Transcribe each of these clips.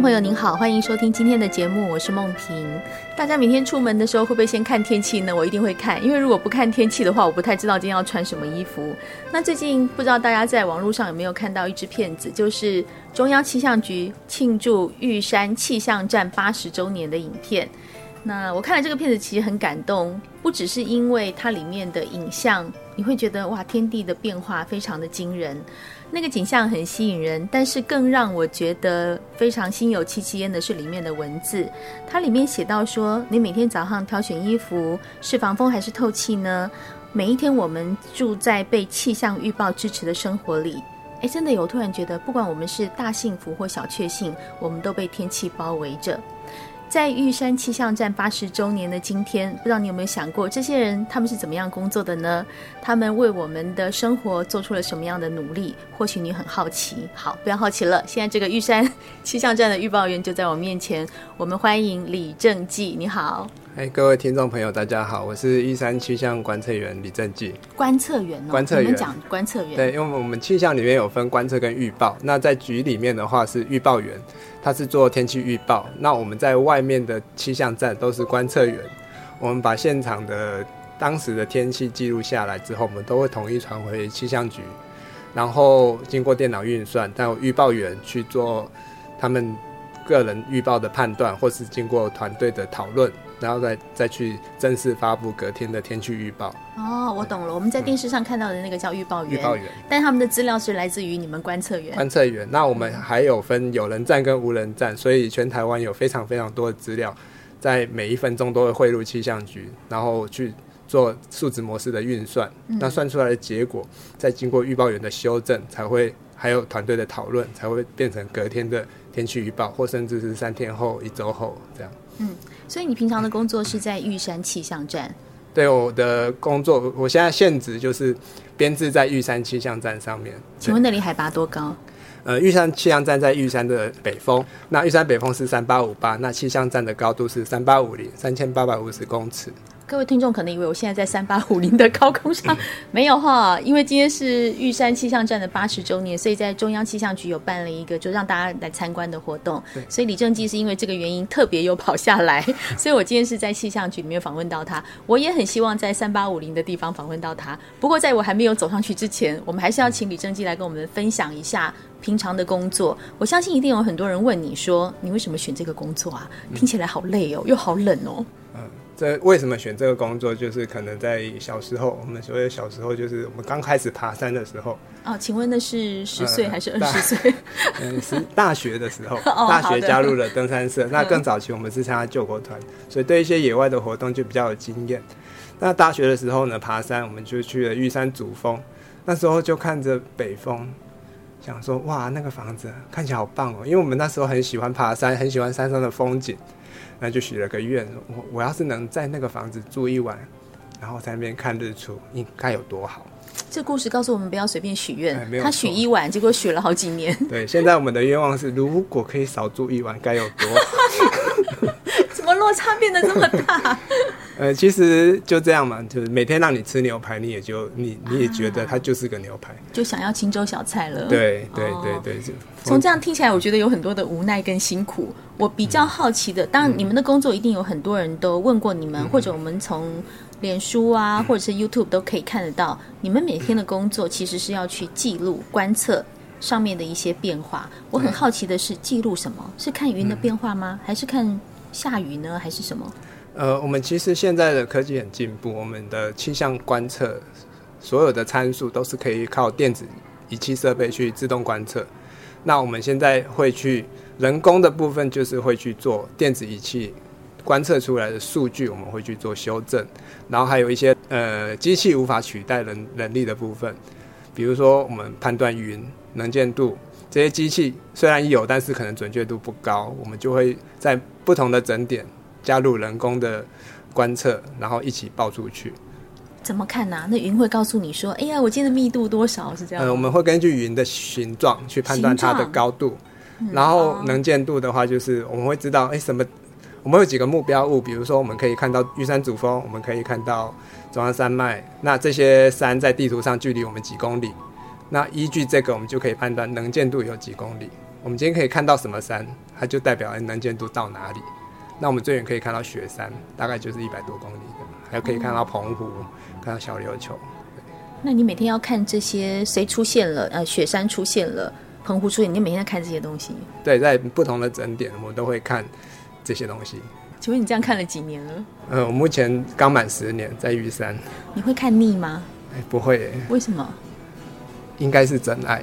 朋友您好，歡迎收聽今天的節目，我是夢萍。大家每天出門的時候會不會先看天氣呢？我一定會看，因為如果不看天氣的話，我不太知道今天要穿什麼衣服。那最近不知道大家在網絡上有沒有看到一支片子，就是中央氣象局慶祝玉山氣象站八十周年的影片。那我看了這個片子，其實很感動，不只是因為它裡面的影像，你會覺得哇，天地的變化非常的驚人。那個景象很吸引人，但是更讓我覺得非常心有戚戚焉的是裡面的文字。它裡面寫到說：“你每天早上挑選衣服是防風還是透氣呢？”每一天我們住在被氣象預報支持的生活裡。哎，真的，有突然覺得，不管我們是大幸福或小確幸，我們都被天氣包圍着。在玉山氣象站八十周年的今天，不知道你有沒有想過，這些人他們是怎麼樣工作的呢？他們為我們的生活做出了什麼樣的努力？或許你很好奇。好，不要好奇了。現在這個玉山氣象站的預報員就在我面前，我們歡迎李正紀。你好。哎、hey，各位聽眾朋友，大家好，我是玉山氣象觀測員李正紀。觀測員哦，觀測員你們講觀測員。對，因為我們氣象裡面有分觀測跟預報。那在局裡面的話是預報員，他是做天氣預報。那我們在外面的氣象站都是觀測員。我們把現場的當時的天氣記錄下來之後，我們都會統一傳回氣象局，然後經過電腦運算，到預報員去做他們。個人預報的判斷，或是經過團隊的討論，然後再再去正式發布隔天的天氣預報。哦，我懂了。嗯、我們在電視上看到的那個叫預報員，嗯，預報員，但他們的資料是來自於你們觀測員。觀測員。那我們還有分有人站跟無人站，嗯，所以全台灣有非常非常多的資料，在每一分鐘都會匯入氣象局，然後去做數值模式的運算。嗯、那算出來的結果，再經過預報員的修正，才會還有團隊的討論，才會變成隔天的。天氣預報，或甚至是三天後、一周後這樣。嗯，所以你平常的工作是在玉山氣象站？對，我的工作，我現在現職就是編製在玉山氣象站上面。請問那裡海拔多高？呃，玉山氣象站在玉山的北峰，那玉山北峰是三八五八，那氣象站的高度是三八五零，三千八百五十公尺。各位聽眾可能以為我現在在三八五零的高空上，沒有哈、哦，因為今天是玉山氣象站的八十周年，所以在中央氣象局有辦了一個就讓大家來參觀的活動。所以李正紀是因為這個原因特別有跑下來，所以我今天是在氣象局裡面訪問到他。我也很希望在三八五零的地方訪問到他。不過在我還沒有走上去之前，我們還是要請李正紀來跟我們分享一下平常的工作。我相信一定有很多人問你說，你為什麼選這個工作啊？聽起來好累哦，又好冷哦。這為什麼選這個工作？就是可能在小時候，我們所謂小時候，就是我們剛開始爬山的時候。哦，請問那是十歲還是二十歲？嗯、呃呃，是大學的時候，大學加入了登山社。哦、那更早期我們是參加救國團、嗯，所以對一些野外的活動就比較有經驗。那大學的時候呢，爬山我們就去了玉山主峰，那時候就看着北峰，想說哇，那個房子看起來好棒哦，因為我們那時候很喜歡爬山，很喜歡山上的風景。那就許了個願，我我要是能在那個房子住一晚，然後在那邊看日出，應該有多好。這故事告訴我們不要隨便許願。哎，沒有錯。他許一晚，結果許了好幾年。對，現在我們的願望是，如果可以少住一晚，該有多好。 落差變得這麼大， 呃，其實就這樣嘛，就是每天讓你吃牛排，你也就你你也覺得它就是個牛排，就想要清粥小菜了。對、哦，對對對，從這樣聽起來，我覺得有很多的無奈跟辛苦。我，我比較好奇的、嗯，當然你們的工作一定有很多人都問過你們，嗯，或者我們從臉書啊、嗯，或者是 YouTube 都可以看得到、嗯，你們每天的工作其實是要去記錄、嗯，觀測上面的一些變化。嗯、我很好奇的是，記錄什麼是看雲的變化嗎？嗯、還是看？下雨呢，還是什麼？呃，我們其實現在的科技很進步，我們的氣象觀測所有的參數都是可以靠電子儀器設備去自動觀測。那我們現在會去人工的部分，就是會去做電子儀器觀測出來的數據，我們會去做修正。然後還有一些呃機器無法取代人能力的部分，比如說我們判斷雲、能見度。這些機器雖然有，但是可能準確度不高。我們就會在不同的整點加入人工的觀測，然後一起報出去。怎麼看呢、啊？那雲會告訴你說：“哎呀，我今天的密度多少？”是這樣。呃，我們會根據雲的形狀去判斷它的高度，然後能見度的話，就是我們會知道，哎、嗯啊，什麼？我們有幾個目標物，比如說我們可以看到玉山主峰，我們可以看到中央山脈，那這些山在地圖上距離我們幾公里？那依據這個，我們就可以判斷能見度有幾公里。我們今天可以看到什麼山，它就代表能見度到哪裡。那我們最遠可以看到雪山，大概就是一百多公里。還可以看到澎湖，嗯、看到小琉球。那你每天要看這些誰出現了？呃，雪山出現了，澎湖出現，你每天看這些東西？對，在不同的整點，我都會看這些東西。請問你這樣看了幾年了？呃，我目前剛滿十年，在玉山。你會看膩嗎？哎、欸，不會、欸。為什麼？應該是真愛，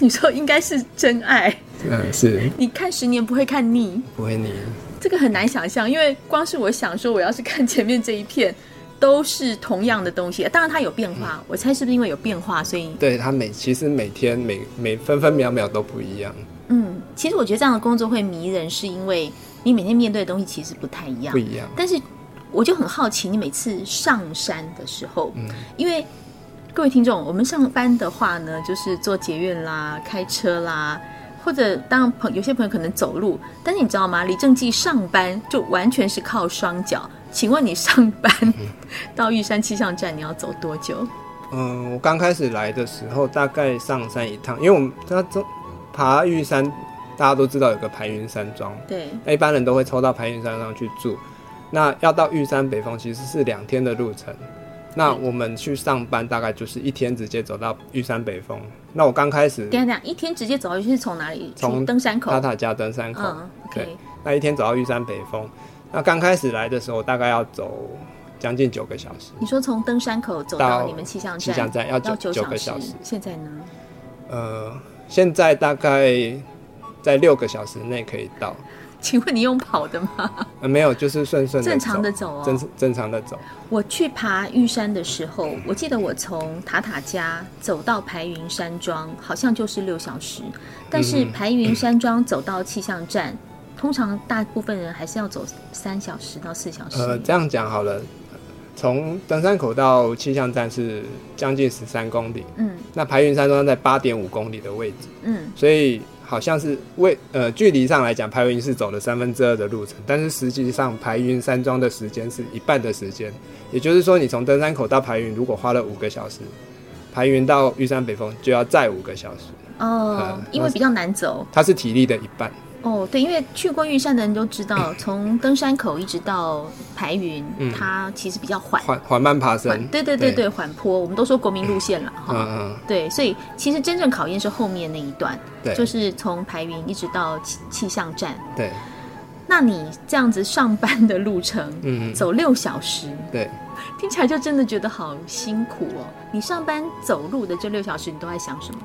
你說應該是真愛，嗯，是，你看十年不會看膩，不會膩，這個很難想象因為光是我想說，我要是看前面這一片，都是同樣的東西，當然它有變化，嗯、我猜是不是因為有變化，所以對它每其實每天每每分分秒秒都不一樣。嗯，其實我覺得這樣的工作會迷人，是因為你每天面對的東西其實不太一樣，不一樣。但是我就很好奇，你每次上山的時候，嗯、因為。各位聽眾，我們上班的話呢，就是坐捷運啦、開車啦，或者當然，朋，有些朋友可能走路。但是你知道嗎？李正紀上班就完全是靠雙腳。請問你上班到玉山氣象站，你要走多久？嗯，我剛開始來的時候，大概上山一趟，因為我們在爬玉山，大家都知道有個排雲山莊，對，那一般人都會抽到排雲山上去住。那要到玉山北峰，其實是兩天的路程。那我們去上班大概就是一天直接走到玉山北峰。那我剛開始，等一下，等一下，一天直接走到是從哪裡？從登山口。塔塔加登山口，嗯 okay，那一天走到玉山北峰，那剛開始來的時候大概要走將近九個小時。你說從登山口走到你們氣象站，氣象站要走九個小時？現在呢？呃，現在大概在六個小時內可以到。請問你用跑的嗎？呃，沒有，就是順順正常的走哦，正正常的走。我去爬玉山的時候，我記得我從塔塔加走到排雲山莊，好像就是六小時。但是排雲山莊走到氣象站，嗯嗯，通常大部分人還是要走三小時到四小時。呃，這樣講好了，從登山口到氣象站是將近十三公里。嗯，那排雲山莊在八點五公里的位置。嗯，所以。好像是為呃距離上來講，排雲是走了三分之二的路程，但是實際上排雲山莊的時間是一半的時間，也就是說你從登山口到排雲如果花了五個小時，排雲到玉山北峰就要再五個小時。哦，呃，因為比較難走，它是體力的一半。哦，對，因為去過玉山的人都知道，從登山口一直到排雲，嗯、它其實比較緩，緩、緩慢爬山。對對對對、對，緩坡。我們都說國民路線了，哈、嗯。對，所以其實真正考驗是後面那一段，對，就是從排雲一直到氣氣象站。對，那你這樣子上班的路程，嗯，走六小時，對，聽起來就真的覺得好辛苦哦。你上班走路的這六小時，你都在想什麼？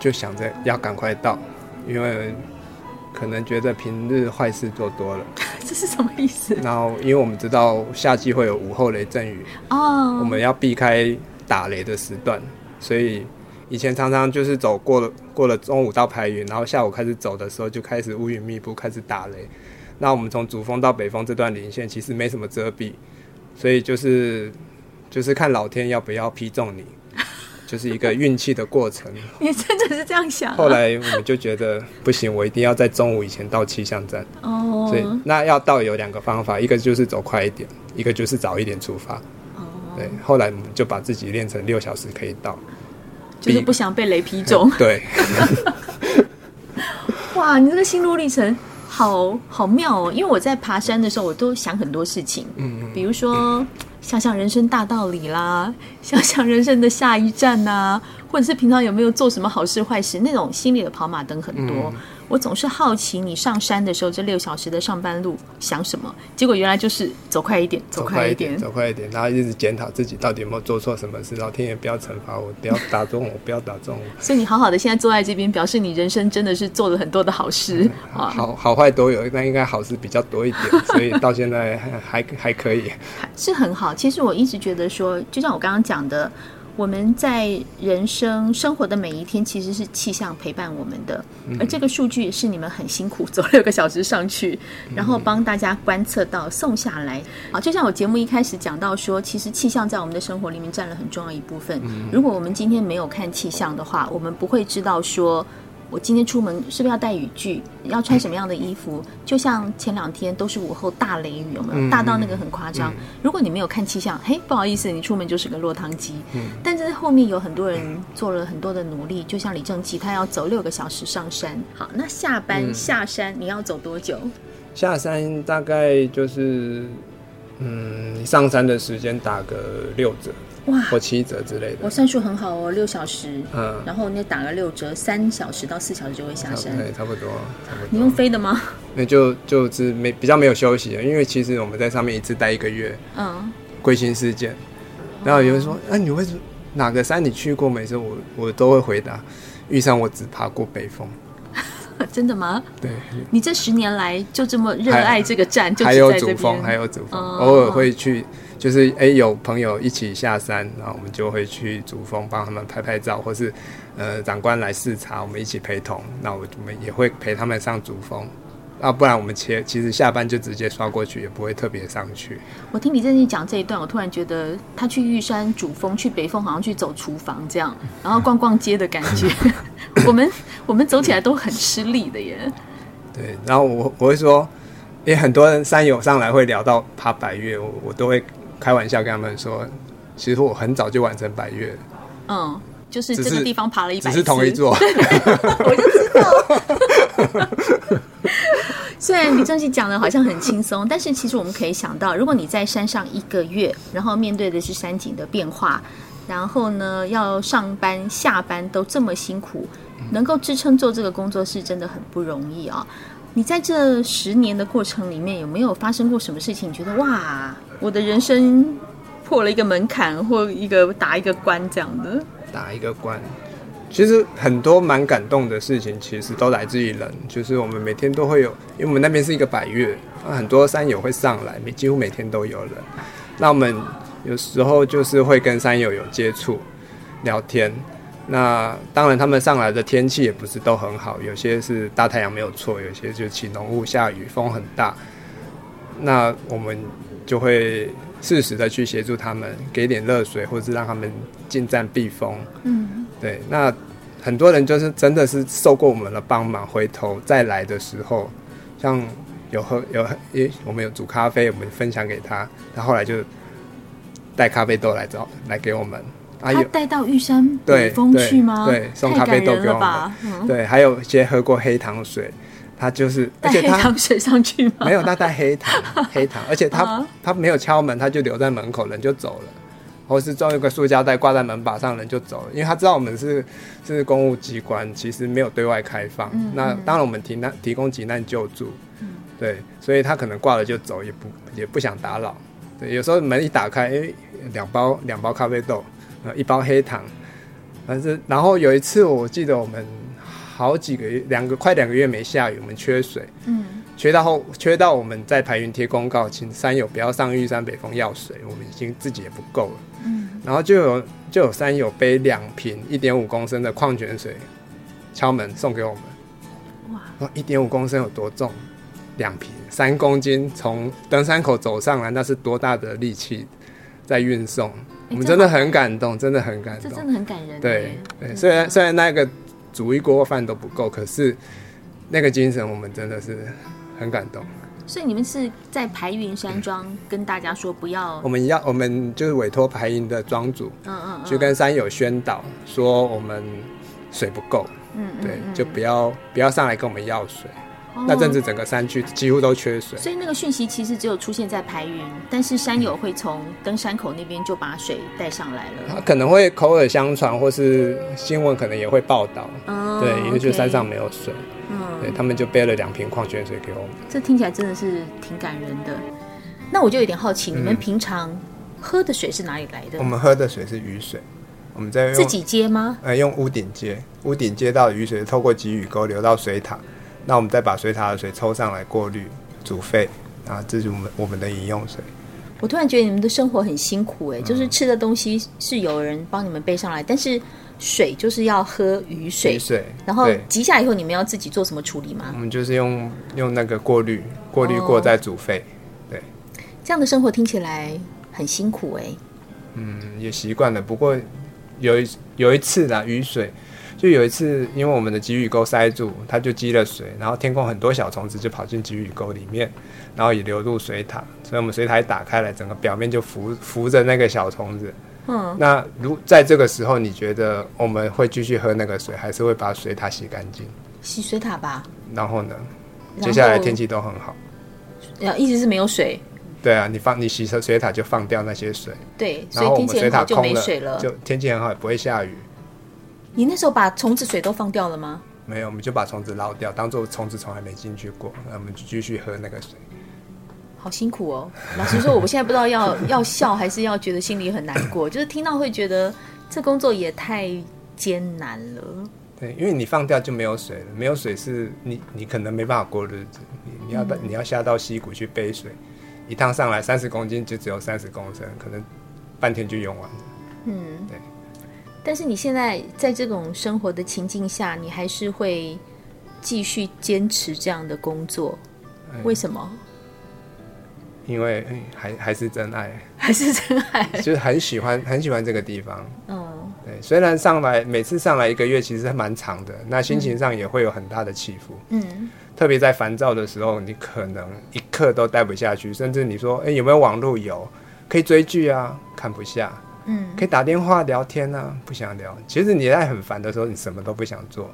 就想着要趕快到。因為可能覺得平日壞事做多了，這是什麼意思？然後，因為我們知道夏季會有午後雷陣雨，哦，oh，我們要避開打雷的時段，所以以前常常就是走過了、過了中午到排雲，然後下午開始走的時候就開始烏雲密布，開始打雷。那我們從主峰到北峰這段林線其實沒什麼遮蔽，所以就是就是看老天要不要劈中你。就是一個運氣的過程、哦，你真的是這樣想、啊。後來我們就覺得不行，我一定要在中午以前到氣象站哦。所以那要到有兩個方法，一個就是走快一點，一個就是早一點出發。哦、對。後來我們就把自己練成六小時可以到，就是不想被雷劈中。嗯、對。 哇，你這個心路歷程好好妙哦！因為我在爬山的時候，我都想很多事情，嗯，嗯，比如說、嗯、想想人生大道理啦。想想人生的下一站吶、啊，或者是平常有沒有做什麼好事壞事，那種心裡的跑馬燈很多、嗯。我總是好奇，你上山的時候，這六小時的上班路想什麼？結果原來就是走快一點，走快一點，走快一點，一點然後一直檢討自己到底有沒有做錯什麼事，老天爺不要懲罰我， 我不要打中我，不要打中我。所以你好好的現在坐在這邊，表示你人生真的是做了很多的好事、嗯、啊，好，好壞都有，但應該好事比較多一點， 所以到現在還還還可以，是很好。其實我一直覺得說，就像我剛剛講。講的，我們在人生生活的每一天，其實是氣象陪伴我們的。而這個數據是你們很辛苦走了六個小時上去，然後幫大家觀測到送下來。好，就像我節目一開始講到說，其實氣象在我們的生活裡面占了很重要一部分。如果我們今天沒有看氣象的話，我們不會知道說。我今天出門是不是要帶雨具？要穿什麼樣的衣服？嗯、就像前兩天都是午後大雷雨，有沒有、嗯？大到那個很誇張、嗯。如果你沒有看氣象，嘿，不好意思，你出門就是個落湯雞。嗯。但是後面有很多人做了很多的努力，嗯、就像李正紀，他要走六個小時上山。好，那下班、嗯、下山你要走多久？下山大概就是，嗯，上山的時間打個六折。哇，或七折之類的。我算數很好哦，六小時。嗯，然後你打了六折，三小時到四小時就會下山。對，差不多。你用飛的嗎？那、欸、就就是沒比較沒有休息了，因為其實我們在上面一次待一個月。嗯。歸心似箭，然後有人說：“哎、哦啊，你為什麼？哪個山？你去過沒？”每次我我都會回答：“玉山我只爬過北峰。呵呵”真的嗎？對。你這十年來就這麼熱愛這個站？還有主峰，還有主峰、嗯，偶爾會去。嗯就是哎，有朋友一起下山，然後我們就會去主峰幫他們拍拍照，或是呃，長官來視察，我們一起陪同。那我們也會陪他們上主峰，啊，不然我們切其實下班就直接刷過去，也不會特別上去。我聽李正紀講這一段，我突然覺得他去玉山主峰，去北峰好像去走廚房這樣，然後逛逛街的感覺。 我們我們走起來都很吃力的耶。對，然後我我會說，因為很多人山友上來會聊到爬百岳，我我都會。開玩笑跟他們說，其實我很早就完成百岳。嗯，就是這個地方爬了一百次，只是同一座。 我就知道。 雖然李正紀講的好像很輕鬆， 但是其實我們可以想到，如果你在山上一個月，然後面對的是山景的變化，然後呢要上班下班都這麼辛苦，能夠支撐做這個工作是真的很不容易啊、哦嗯！你在這十年的過程裡面，有沒有發生過什麼事情？你覺得哇？我的人生破了一個門檻，或一個打一個關這樣的。打一個關，其實很多蠻感動的事情，其實都來自於人。就是我們每天都會有，因為我們那邊是一個百岳，很多山友會上來，每幾乎每天都有人。那我們有時候就是會跟山友有接觸、聊天。那當然，他們上來的天氣也不是都很好，有些是大太陽沒有錯，有些就起濃霧、下雨、風很大。那我們。就會適時的去協助他們，給點熱水，或者是讓他們進站避風。嗯，對。那很多人就是真的是受過我們的幫忙，回頭再來的時候，像有喝有誒、欸，我們有煮咖啡，我們分享給他，他後來就帶咖啡豆來找來給我們、啊有。他帶到玉山北峰去嗎？對對，對，送咖啡豆給我們。對，還有一些喝過黑糖水。他就是，而且他沒有，那袋黑糖， 黑糖，而且他、uh -huh. 他沒有敲門，他就留在門口，人就走了。或是裝一個塑膠袋掛在門把上，人就走了。因為他知道我們是是公務機關，其實沒有對外開放。嗯嗯，那當然，我們提那提供急難救助、嗯，對，所以他可能掛了就走，也不也不想打擾。對，有時候門一打開，誒、欸，兩包兩包咖啡豆，呃，一包黑糖，反正。然後有一次，我記得我們。好幾個月，兩個快兩個月沒下雨，我們缺水，嗯，缺到後缺到我們在排雲貼公告，請山友不要上玉山北峰要水，我們已經自己也不夠了，嗯，然後就有就有山友背兩瓶一點五公升的礦泉水敲門送給我們，哇，哇，一點五公升有多重？兩瓶三公斤，從登山口走上來，那是多大的力氣在運送。欸？我們真的很感動，欸、真的好，真的很感動，這真的很感人，對對，雖然雖然那個。煮一鍋飯都不夠，可是那個精神，我們真的是很感動。所以你們是在排雲山莊跟大家說不要？我們要，我們就是委托排雲的莊主，嗯嗯，去跟山友宣導說我們水不夠，嗯，對，就不要不要上來跟我們要水。哦、那陣子，整個山區幾乎都缺水，所以那個訊息其實只有出現在排雲，但是山友會從登山口那邊就把水帶上來了、嗯。他可能會口耳相傳，或是新聞可能也會報道，嗯、哦，對，因為就山上沒有水，嗯、對，他們就背了兩瓶礦泉水給我們、嗯。這聽起來真的是挺感人的。那我就有點好奇、嗯，你們平常喝的水是哪裡來的？我們喝的水是雨水，我們在自己接嗎？呃，用屋頂接，屋頂接到的雨水，透過集雨溝流到水塔。那我們再把水塔的水抽上來過濾、煮沸。啊，這是我們我們的飲用水。我突然覺得你們的生活很辛苦誒、欸，嗯，就是吃的東西是有人幫你們背上來，但是水就是要喝雨水，雨水然後集下來以後你們要自己做什麼處理嗎？我們就是用用那個過濾，過濾過再煮沸、哦，對。這樣的生活聽起來很辛苦誒、欸，嗯，也習慣了。不過有一有一次呢，雨水。就有一次，因為我們的集雨溝塞住，它就積了水，然後天空，很多小蟲子就跑進集雨溝裡面，然後也流入水塔，所以我們水塔一打開來，整個表面就浮浮着那個小蟲子。嗯，那如在這個時候，你覺得我們會繼續喝那個水，還是會把水塔洗乾淨？洗水塔吧。然後呢？接下來天氣都很好。然後一直是沒有水？對啊，你放你洗水水塔就放掉那些水。對，然後我們水塔就沒水了，就天氣很好，也不會下雨。你那時候把蟲子水都放掉了嗎？沒有，我們就把蟲子撈掉，當做蟲子從來沒進去過。那我們就繼續喝那個水。好辛苦哦！老實說，我現在不知道要 要笑，還是要覺得心裡很難過。 就是聽到會覺得這工作也太艱難了。對，因為你放掉就沒有水了，沒有水是你你可能沒辦法過日子。你你要到你要下到溪谷去背水，嗯，一趟上來三十公斤就只有三十公升，可能半天就用完了。嗯，對。但是你現在在這種生活的情境下，你還是會繼續堅持這樣的工作，哎、為什麼？因為還、哎、還是真愛，還是真愛，就是很喜歡很喜歡這個地方。嗯，對，雖然上來每次上來一個月其實是蠻長的，那心情上也會有很大的起伏。嗯，特別在煩躁的時候，你可能一刻都待不下去，甚至你說：“哎，有沒有網路？有，可以追劇啊，看不下。”嗯，可以打電話聊天啊，不想聊。其實你在很煩的時候，你什麼都不想做。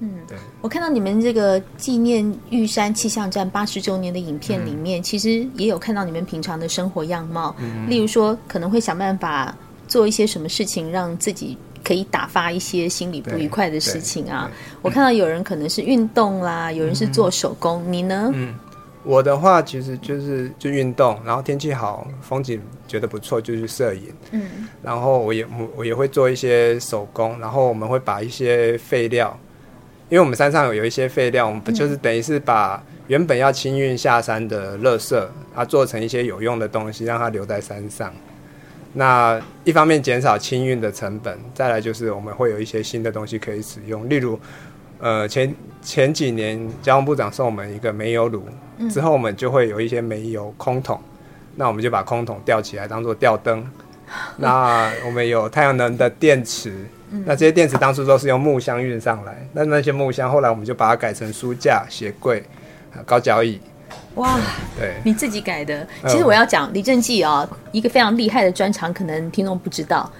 嗯，對。我看到你們這個紀念玉山氣象站八十周年的影片裡面，嗯，其實也有看到你們平常的生活樣貌，嗯。例如說，可能會想辦法做一些什麼事情，讓自己可以打發一些心裡不愉快的事情啊，嗯。我看到有人可能是運動啦，嗯，有人是做手工，嗯，你呢？嗯我的話其實就是就運動，然後天氣好，風景覺得不錯就去攝影。嗯，然後我也我我也會做一些手工，然後我們會把一些廢料，因為我們山上有有一些廢料，我們就是等於是把原本要清運下山的垃圾它做成一些有用的東西，讓它留在山上。那一方面減少清運的成本，再來就是我們會有一些新的東西可以使用，例如。呃，前前幾年，交通部長送我們一個煤油爐，嗯，之後我們就會有一些煤油空桶，嗯、那我們就把空桶吊起來當做吊燈，嗯。那我們有太陽能的電池，嗯，那這些電池當初都是用木箱運上來，那、嗯、那些木箱後來我們就把它改成書架、鞋櫃、高腳椅。哇、嗯，對，你自己改的。其實我要講，嗯、李正紀啊，哦，一個非常厲害的專長，可能聽眾不知道，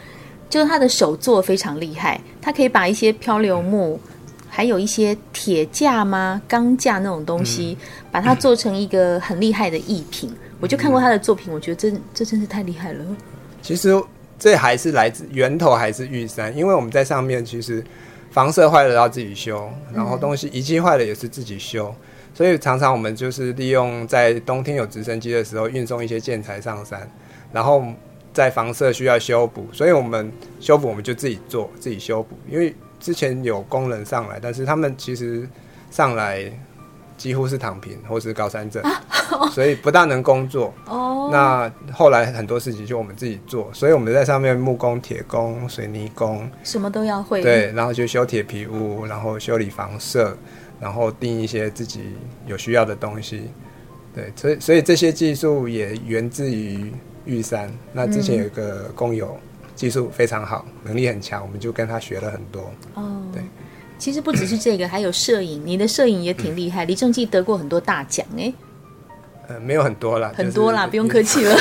就是他的手作非常厲害，他可以把一些漂流木，嗯。還有一些鐵架嗎？鋼架那種東西、嗯，把它做成一個很厲害的藝術品、嗯。我就看過他的作品，我覺得這這真是太厲害了。其實這還是來自源頭，還是玉山，因為我們在上面其實房舍壞了要自己修，嗯、然後東西儀器壞了也是自己修，所以常常我們就是利用在冬天有直升機的時候運送一些建材上山，然後在房舍需要修補，所以我們修補我們就自己做自己修補，因為。之前有工人上來，但是他們其實上來幾乎是躺平或是高山症，啊 oh. 所以不大能工作。Oh. 那後來很多事情就我們自己做，所以我們在上面木工、鐵工、水泥工，什麼都要會。對，然後就修鐵皮屋，然後修理房舍，然後定一些自己有需要的東西。對，所以所以這些技術也源自於玉山。那之前有一個工友。嗯技術非常好，能力很強，我們就跟他學了很多。哦、oh，對，其實不只是這個， 還有攝影，你的攝影也挺厲害。李正紀得過很多大獎哎、欸呃。沒有很多了，很多啦，就是、不用客氣了。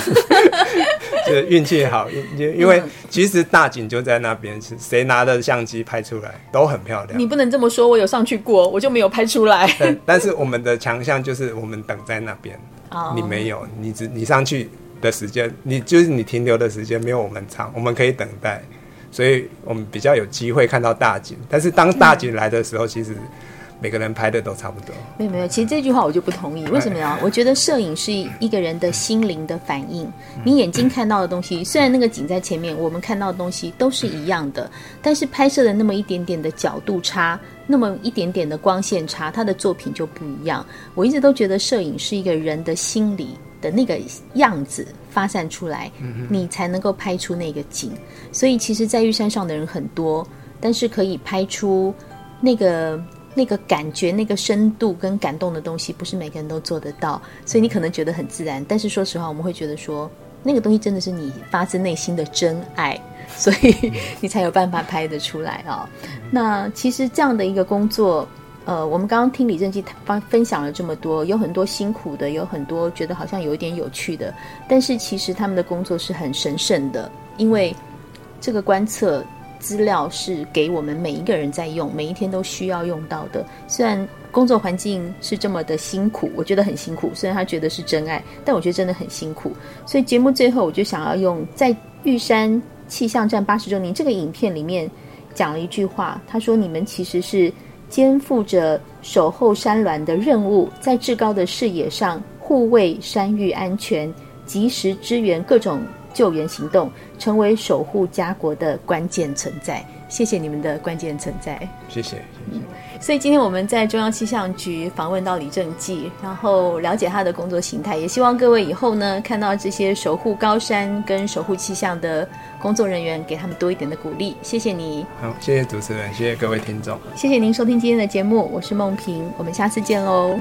就運氣好，因因為其實大景就在那邊，是誰拿着相機拍出來都很漂亮。你不能這麼說，我有上去過，我就沒有拍出來。 但是我們的強項就是我們等在那邊，oh. 你沒有，你只你上去。的時間，你就是你停留的時間沒有我們長，我們可以等待，所以我們比較有機會看到大景。但是當大景來的時候、嗯，其實每個人拍的都差不多。沒、嗯、有沒有，其實這句話我就不同意。嗯、為什麼呀、嗯？我覺得攝影是一個人的心靈的反應、嗯。你眼睛看到的東西，嗯、雖然那個景在前面，我們看到的東西都是一樣的，嗯、但是拍攝的那麼一點點的角度差，嗯、那麼一點點的光線差，他的作品就不一樣。我一直都覺得攝影是一個人的心理。的那個樣子發散出來，你才能夠拍出那個景。所以，其實，在玉山上的人很多，但是可以拍出那個那個感覺、那個深度跟感動的東西，不是每個人都做得到。所以，你可能覺得很自然，但是說實話，我們會覺得說，那個東西真的是你發自內心的真愛，所以你才有辦法拍得出來啊、哦。那其實這樣的一個工作。呃，我們剛剛聽李正紀他分分享了這麼多，有很多辛苦的，有很多覺得好像有一點有趣的，但是其實他們的工作是很神聖的，因為這個觀測資料是給我們每一個人在用，每一天都需要用到的。雖然工作環境是這麼的辛苦，我覺得很辛苦。雖然他覺得是真愛，但我覺得真的很辛苦。所以節目最後，我就想要用在玉山氣象站八十周年這個影片裡面講了一句話，他說：“你們其實是。”肩負着守候山巒的任務，在至高的視野上護衛山域安全，及時支援各種救援行動，成為守護家國的關鍵存在。謝謝你們的關鍵存在。謝謝，謝。所以今天我們在中央氣象局訪問到李正紀，然後了解他的工作形態，也希望各位以後呢，看到這些守護高山跟守護氣象的工作人員，給他們多一點的鼓勵。謝謝你。好，謝謝主持人，謝謝各位聽眾，謝謝您收聽今天的節目，我是夢萍，我們下次見嘍。